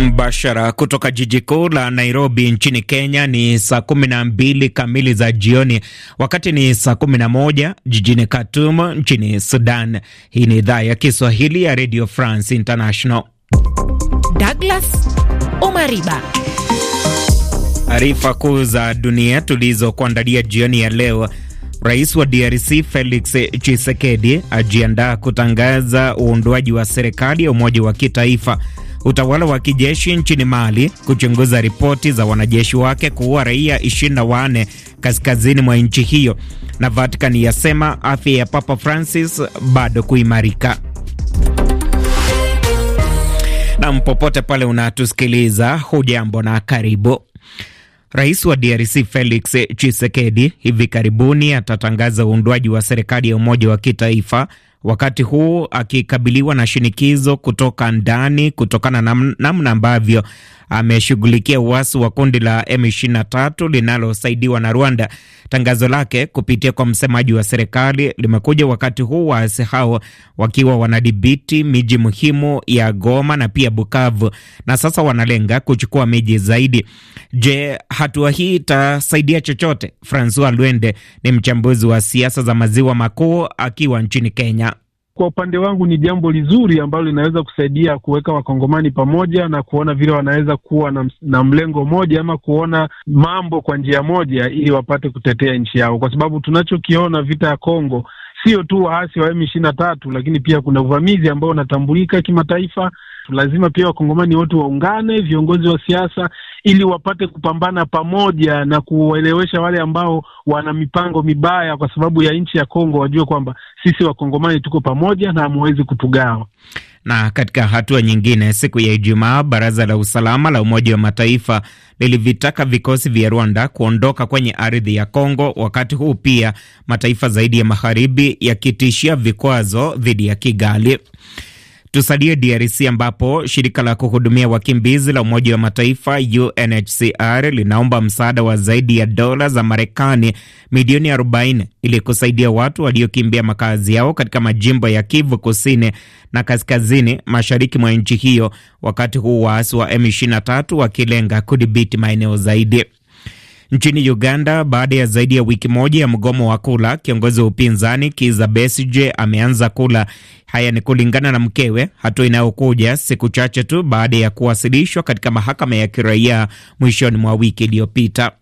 Mbashara kutoka jiji kuu la Nairobi nchini Kenya. Ni saa kumi na mbili kamili za jioni, wakati ni saa kumi na moja jijini Khartoum nchini Sudan. Hii ni idhaa ya Kiswahili ya Radio France International. Douglas Omariba, taarifa kuu za dunia tulizokuandalia jioni ya leo. Rais wa DRC Felix Tshisekedi ajiandaa kutangaza uundwaji wa serikali ya umoja wa kitaifa utawala wa kijeshi nchini Mali kuchunguza ripoti za wanajeshi wake kuua raia 24 kaskazini mwa nchi hiyo, na Vatican yasema afya ya Papa Francis bado kuimarika. Nam, popote pale unatusikiliza, hujambo na karibu. Rais wa DRC Felix Tshisekedi hivi karibuni atatangaza uundwaji wa serikali ya umoja wa kitaifa wakati huu akikabiliwa na shinikizo kutoka ndani kutokana na namna ambavyo ameshughulikia uasi wa kundi la M23 linalosaidiwa na Rwanda. Tangazo lake kupitia kwa msemaji wa serikali limekuja wakati huu waasi hao wakiwa wanadhibiti miji muhimu ya Goma na pia Bukavu, na sasa wanalenga kuchukua miji zaidi. Je, hatua hii itasaidia chochote? Francois Lwende ni mchambuzi wa siasa za maziwa makuu akiwa nchini Kenya kwa upande wangu ni jambo lizuri ambalo linaweza kusaidia kuweka wakongomani pamoja na kuona vile wanaweza kuwa na, na mlengo moja ama kuona mambo kwa njia moja ili wapate kutetea nchi yao, kwa sababu tunachokiona vita ya Kongo sio tu waasi wa M ishirini na tatu, lakini pia kuna uvamizi ambao unatambulika kimataifa lazima pia wakongomani wote waungane, viongozi wa siasa, ili wapate kupambana pamoja na kuwaelewesha wale ambao wana mipango mibaya kwa sababu ya nchi ya Kongo, wajue kwamba sisi wakongomani tuko pamoja na hamuwezi kutugawa. Na katika hatua nyingine, siku ya Ijumaa, baraza la usalama la Umoja wa Mataifa lilivitaka vikosi vya Rwanda kuondoka kwenye ardhi ya Kongo, wakati huu pia mataifa zaidi ya magharibi yakitishia vikwazo dhidi ya Kigali. Tusalie DRC ambapo shirika la kuhudumia wakimbizi la Umoja wa Mataifa UNHCR linaomba msaada wa zaidi ya dola za Marekani milioni 40 ili kusaidia watu waliokimbia makazi yao katika majimbo ya Kivu Kusini na kaskazini mashariki mwa nchi hiyo, wakati huu waasi wa M23 wakilenga kudhibiti maeneo zaidi. Nchini Uganda, baada ya zaidi ya wiki moja ya mgomo wa kula, kiongozi wa upinzani Kizza Besigye ameanza kula. Haya ni kulingana na mkewe, hatua inayokuja siku chache tu baada ya kuwasilishwa katika mahakama ya kiraia mwishoni mwa wiki iliyopita.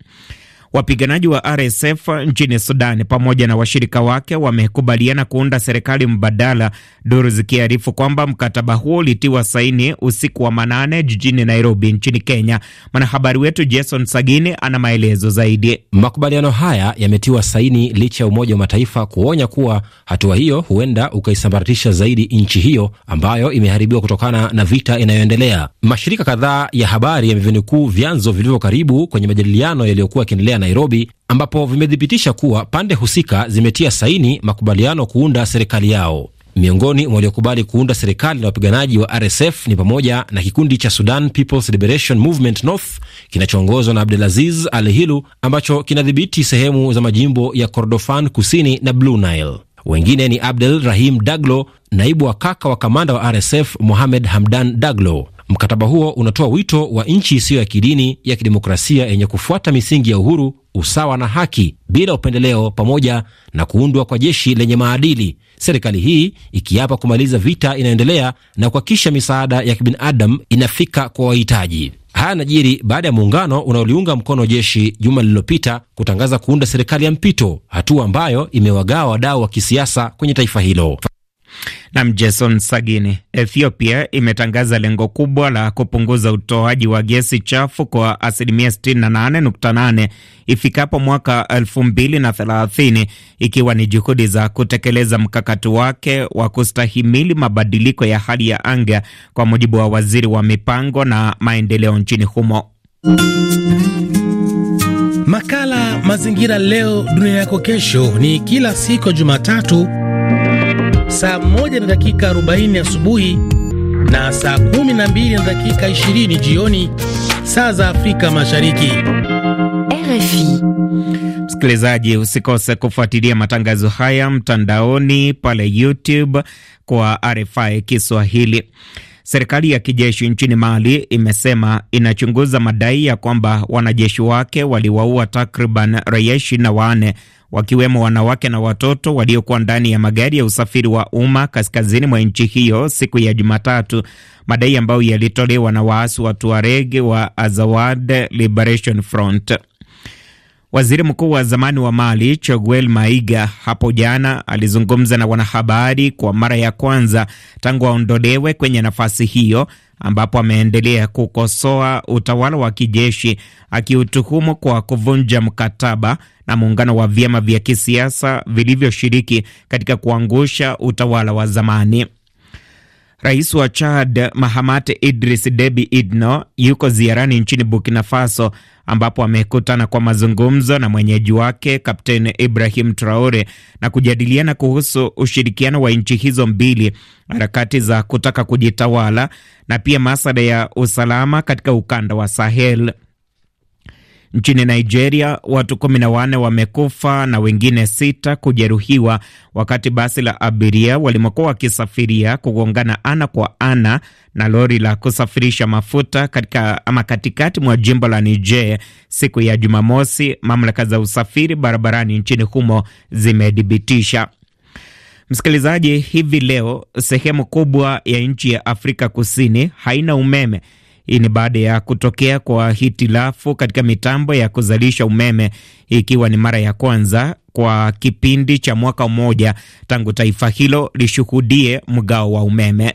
Wapiganaji wa RSF nchini Sudan pamoja na washirika wake wamekubaliana kuunda serikali mbadala, duru zikiarifu kwamba mkataba huo ulitiwa saini usiku wa manane jijini Nairobi nchini Kenya. Mwanahabari wetu Jason Sagini ana maelezo zaidi. Makubaliano haya yametiwa saini licha ya Umoja wa Mataifa kuonya kuwa hatua hiyo huenda ukaisambaratisha zaidi nchi hiyo ambayo imeharibiwa kutokana na vita inayoendelea. Mashirika kadhaa ya habari yamevinukuu vyanzo vilivyo karibu kwenye majadiliano yaliyokuwa yakiendelea ya Nairobi, ambapo vimethibitisha kuwa pande husika zimetia saini makubaliano kuunda serikali yao. Miongoni mwa waliokubali kuunda serikali na wapiganaji wa RSF ni pamoja na kikundi cha Sudan People's Liberation Movement North kinachoongozwa na Abdelaziz Al Hilu ambacho kinadhibiti sehemu za majimbo ya Kordofan Kusini na Blue Nile. Wengine ni Abdel Rahim Daglo, naibu wa kaka wa kamanda wa RSF Mohamed Hamdan Daglo. Mkataba huo unatoa wito wa nchi isiyo ya kidini ya kidemokrasia yenye kufuata misingi ya uhuru, usawa na haki bila upendeleo, pamoja na kuundwa kwa jeshi lenye maadili, serikali hii ikiapa kumaliza vita inayoendelea na kuhakikisha misaada ya kibinadamu inafika kwa wahitaji. Haya najiri baada ya muungano unaoliunga mkono jeshi juma lililopita kutangaza kuunda serikali ya mpito, hatua ambayo imewagawa wadau wa kisiasa kwenye taifa hilo. Nam Jason Sagini. Ethiopia imetangaza lengo kubwa la kupunguza utoaji wa gesi chafu kwa asilimia 68.8 ifikapo mwaka 2030 ikiwa ni juhudi za kutekeleza mkakati wake wa kustahimili mabadiliko ya hali ya anga, kwa mujibu wa waziri wa mipango na maendeleo nchini humo. Makala Mazingira Leo Dunia Yako Kesho ni kila siku Jumatatu saa 1 na dakika 40 asubuhi na saa 12 na dakika 20 jioni saa za Afrika Mashariki. RFI. Msikilizaji, usikose kufuatilia matangazo haya mtandaoni pale YouTube kwa RFI Kiswahili. Serikali ya kijeshi nchini Mali imesema inachunguza madai ya kwamba wanajeshi wake waliwaua takriban raia ishirini na wanne wakiwemo wanawake na watoto waliokuwa ndani ya magari ya usafiri wa umma kaskazini mwa nchi hiyo siku ya Jumatatu, madai ambayo yalitolewa na waasi wa Tuareg wa Azawad Liberation Front. Waziri mkuu wa zamani wa Mali Choguel Maiga hapo jana alizungumza na wanahabari kwa mara ya kwanza tangu aondolewe kwenye nafasi hiyo, ambapo ameendelea kukosoa utawala wa kijeshi akiutuhumu kwa kuvunja mkataba na muungano wa vyama vya kisiasa vilivyoshiriki katika kuangusha utawala wa zamani. Rais wa Chad Mahamat Idris Debi Idno yuko ziarani nchini Burkina Faso ambapo amekutana kwa mazungumzo na mwenyeji wake Kapteni Ibrahim Traore na kujadiliana kuhusu ushirikiano wa nchi hizo mbili, harakati za kutaka kujitawala na pia masuala ya usalama katika ukanda wa Sahel. Nchini Nigeria watu kumi na wanne wamekufa na wengine sita kujeruhiwa wakati basi la abiria walimokuwa wakisafiria kugongana ana kwa ana na lori la kusafirisha mafuta katika ama katikati mwa jimbo la Niger siku ya Jumamosi, mamlaka za usafiri barabarani nchini humo zimedhibitisha. Msikilizaji, hivi leo sehemu kubwa ya nchi ya Afrika Kusini haina umeme hii ni baada ya kutokea kwa hitilafu katika mitambo ya kuzalisha umeme, ikiwa ni mara ya kwanza kwa kipindi cha mwaka mmoja tangu taifa hilo lishuhudie mgao wa umeme.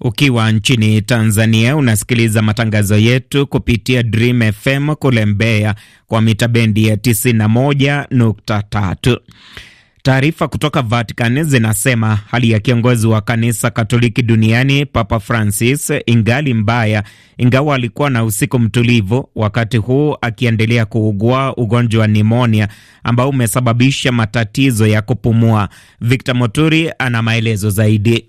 Ukiwa nchini Tanzania unasikiliza matangazo yetu kupitia Dream FM kule Mbeya kwa mita bendi ya 91.3. Taarifa kutoka Vatican zinasema hali ya kiongozi wa kanisa Katoliki duniani Papa Francis ingali mbaya, ingawa alikuwa na usiku mtulivu, wakati huu akiendelea kuugua ugonjwa wa nimonia ambao umesababisha matatizo ya kupumua. Victor Moturi ana maelezo zaidi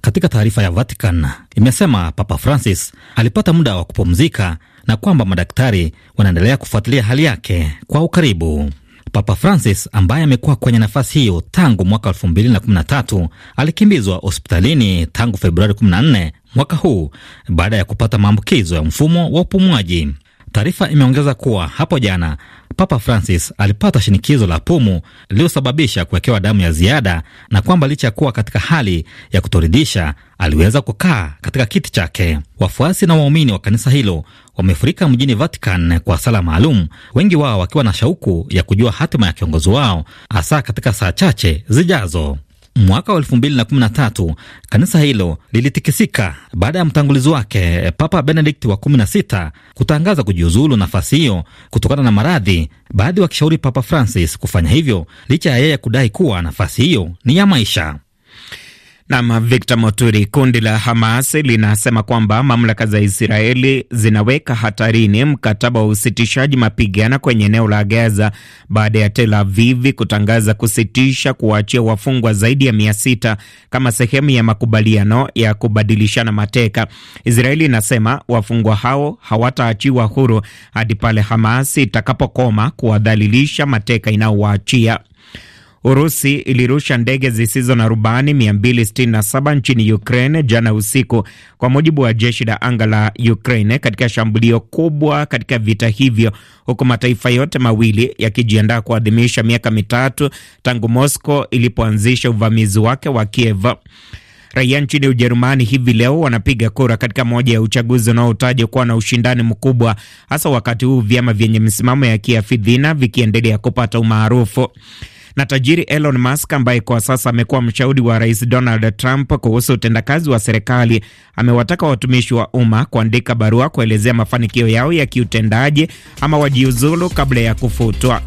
katika taarifa ya Vatican imesema Papa Francis alipata muda wa kupumzika na kwamba madaktari wanaendelea kufuatilia hali yake kwa ukaribu. Papa Francis ambaye amekuwa kwenye nafasi hiyo tangu mwaka 2013 alikimbizwa hospitalini tangu Februari 14 mwaka huu baada ya kupata maambukizo ya mfumo wa upumuaji. Taarifa imeongeza kuwa hapo jana Papa Francis alipata shinikizo la pumu lililosababisha kuwekewa damu ya ziada na kwamba licha ya kuwa katika hali ya kutoridhisha aliweza kukaa katika kiti chake. Wafuasi na waumini wa kanisa hilo wamefurika mjini Vatican kwa sala maalum, wengi wao wakiwa na shauku ya kujua hatima ya kiongozi wao, hasa katika saa chache zijazo. Mwaka wa elfu mbili na kumi na tatu kanisa hilo lilitikisika baada ya mtangulizi wake Papa Benedict wa kumi na sita kutangaza kujiuzulu nafasi hiyo kutokana na maradhi, baadhi wakishauri Papa Francis kufanya hivyo licha ya yeye kudai kuwa nafasi hiyo ni ya maisha. Nam Victor Moturi. Kundi la Hamas linasema kwamba mamlaka za Israeli zinaweka hatarini mkataba wa usitishaji mapigano kwenye eneo la Gaza baada ya Tel Aviv kutangaza kusitisha kuwaachia wafungwa zaidi ya mia sita kama sehemu ya makubaliano ya kubadilishana mateka. Israeli inasema wafungwa hao hawataachiwa huru hadi pale Hamas itakapokoma kuwadhalilisha mateka inayowaachia. Urusi ilirusha ndege zisizo na rubani 267 nchini Ukraine jana usiku, kwa mujibu wa jeshi la anga la Ukraine, katika shambulio kubwa katika vita hivyo, huku mataifa yote mawili yakijiandaa kuadhimisha miaka mitatu tangu Moscow ilipoanzisha uvamizi wake wa Kiev. Raia nchini Ujerumani hivi leo wanapiga kura katika moja ya uchaguzi unaotajwa kuwa na ushindani mkubwa, hasa wakati huu vyama vyenye misimamo ya kiafidhina vikiendelea kupata umaarufu na tajiri Elon Musk ambaye kwa sasa amekuwa mshauri wa rais Donald Trump kuhusu utendakazi wa serikali amewataka watumishi wa umma kuandika barua kuelezea mafanikio yao ya kiutendaji ama wajiuzulu kabla ya kufutwa.